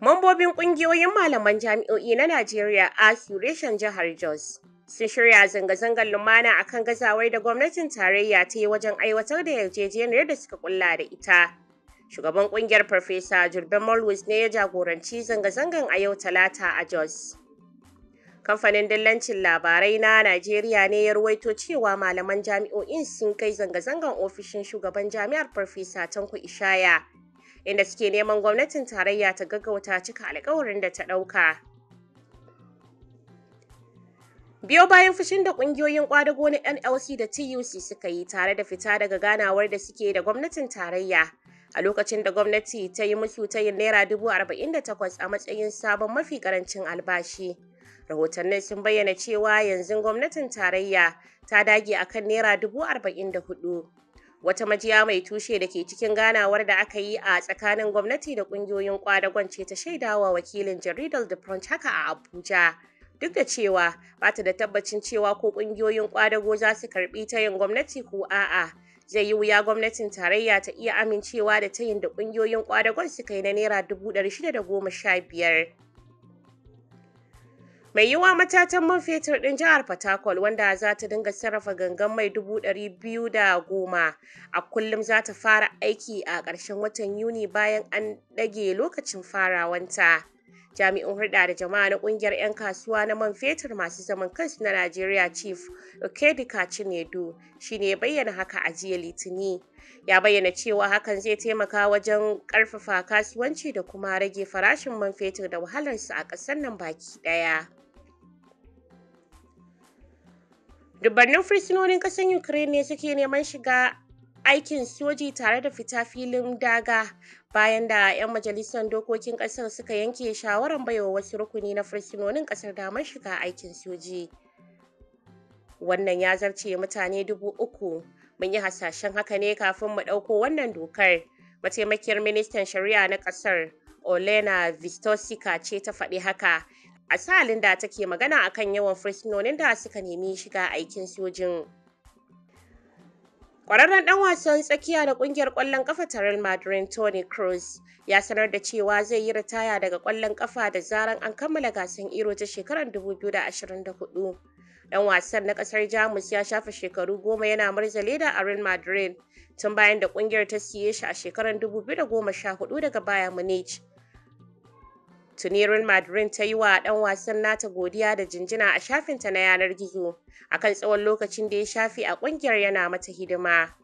Mambobin ƙungiyoyin malaman jami'o'i na Najeriya a Curation Jihar Jos sun shirya zanga-zangar lumana akan gazawar da gwamnatin tarayya ta yi wajen aiwatar da yarjejeniyar da suka kulla da ita. Shugaban ƙungiyar Farfesa Jurben malwus ne ya jagoranci zanga-zangar a yau Talata a Jos. Kamfanin dillancin labarai na Najeriya ne ya ruwaito cewa malaman jami'o'in sun kai zanga-zangar ofishin shugaban jami'ar Farfesa Tanko Ishaya. inda suke neman gwamnatin tarayya ta gaggauta cika alkawarin da ta ɗauka. Biyo bayan fushin da ƙungiyoyin ƙwadago na NLC da TUC suka yi tare da fita daga ganawar da suke da gwamnatin tarayya a lokacin da gwamnati ta yi musu tayin naira dubu arba'in da takwas a matsayin sabon mafi karancin albashi. Rahotannin sun bayyana cewa yanzu gwamnatin tarayya ta dage akan naira dubu arba'in da hudu. wata majiya mai tushe da ke cikin ganawar da aka yi a tsakanin gwamnati da kungiyoyin kwadagon ce ta shaidawa wakilin jaridar the punch haka a abuja duk da cewa ba ta da tabbacin cewa ko kungiyoyin kwadago za su karbi tayin gwamnati ko a'a zai yi wuya gwamnatin tarayya ta iya amincewa da tayin da kungiyoyin kwadagon suka yi na naira dubu ɗari shida da goma sha biyar mai yiwa matatan man fetur ɗin jihar Fatakwal wanda za ta dinga sarrafa gangan mai dubu ɗari biyu da goma a kullum za ta fara aiki a ƙarshen watan Yuni bayan an ɗage lokacin farawanta. Jami'in hulɗa da jama'a na ƙungiyar 'yan kasuwa na man fetur masu zaman kansu na Najeriya Chief Okedika Chinedu shi ne bayyana haka a jiya Litini. Ya bayyana cewa hakan zai taimaka wajen ƙarfafa kasuwanci da kuma rage farashin man fetur da wahalarsu a ƙasar nan baki ɗaya. Dubannin fursunonin ƙasar Ukraine ne suke neman shiga aikin soji tare da fita filin daga bayan da 'yan majalisar dokokin ƙasar suka yanke shawarar baiwa wasu rukuni na fursunonin ƙasar damar shiga aikin soji. Wannan ya zarce mutane dubu uku. Mun yi hasashen haka ne kafin mu ɗauko wannan dokar. Mataimakiyar ministan shari'a na ƙasar Olena Vistosika ce ta faɗi haka a salin da take magana akan yawan fursunonin da suka nemi shiga aikin sojin Kwararren ɗan wasan tsakiya da ƙungiyar kwallon ƙafa ta Real Madrid Toni Kroos ya sanar da cewa zai yi ritaya daga kwallon ƙafa da zaran an kammala gasar Iro ta shekarar 2024. Ɗan wasan na ƙasar Jamus ya shafe shekaru goma yana murza leda a Real Madrid tun bayan da ƙungiyar ta siye shi a shekarar 2014 daga Bayern Munich. Tuni Madrin ta yi wa ɗan wasan nata godiya da jinjina a shafinta na yanar gizo akan tsawon lokacin da ya shafe a ƙungiyar yana mata hidima.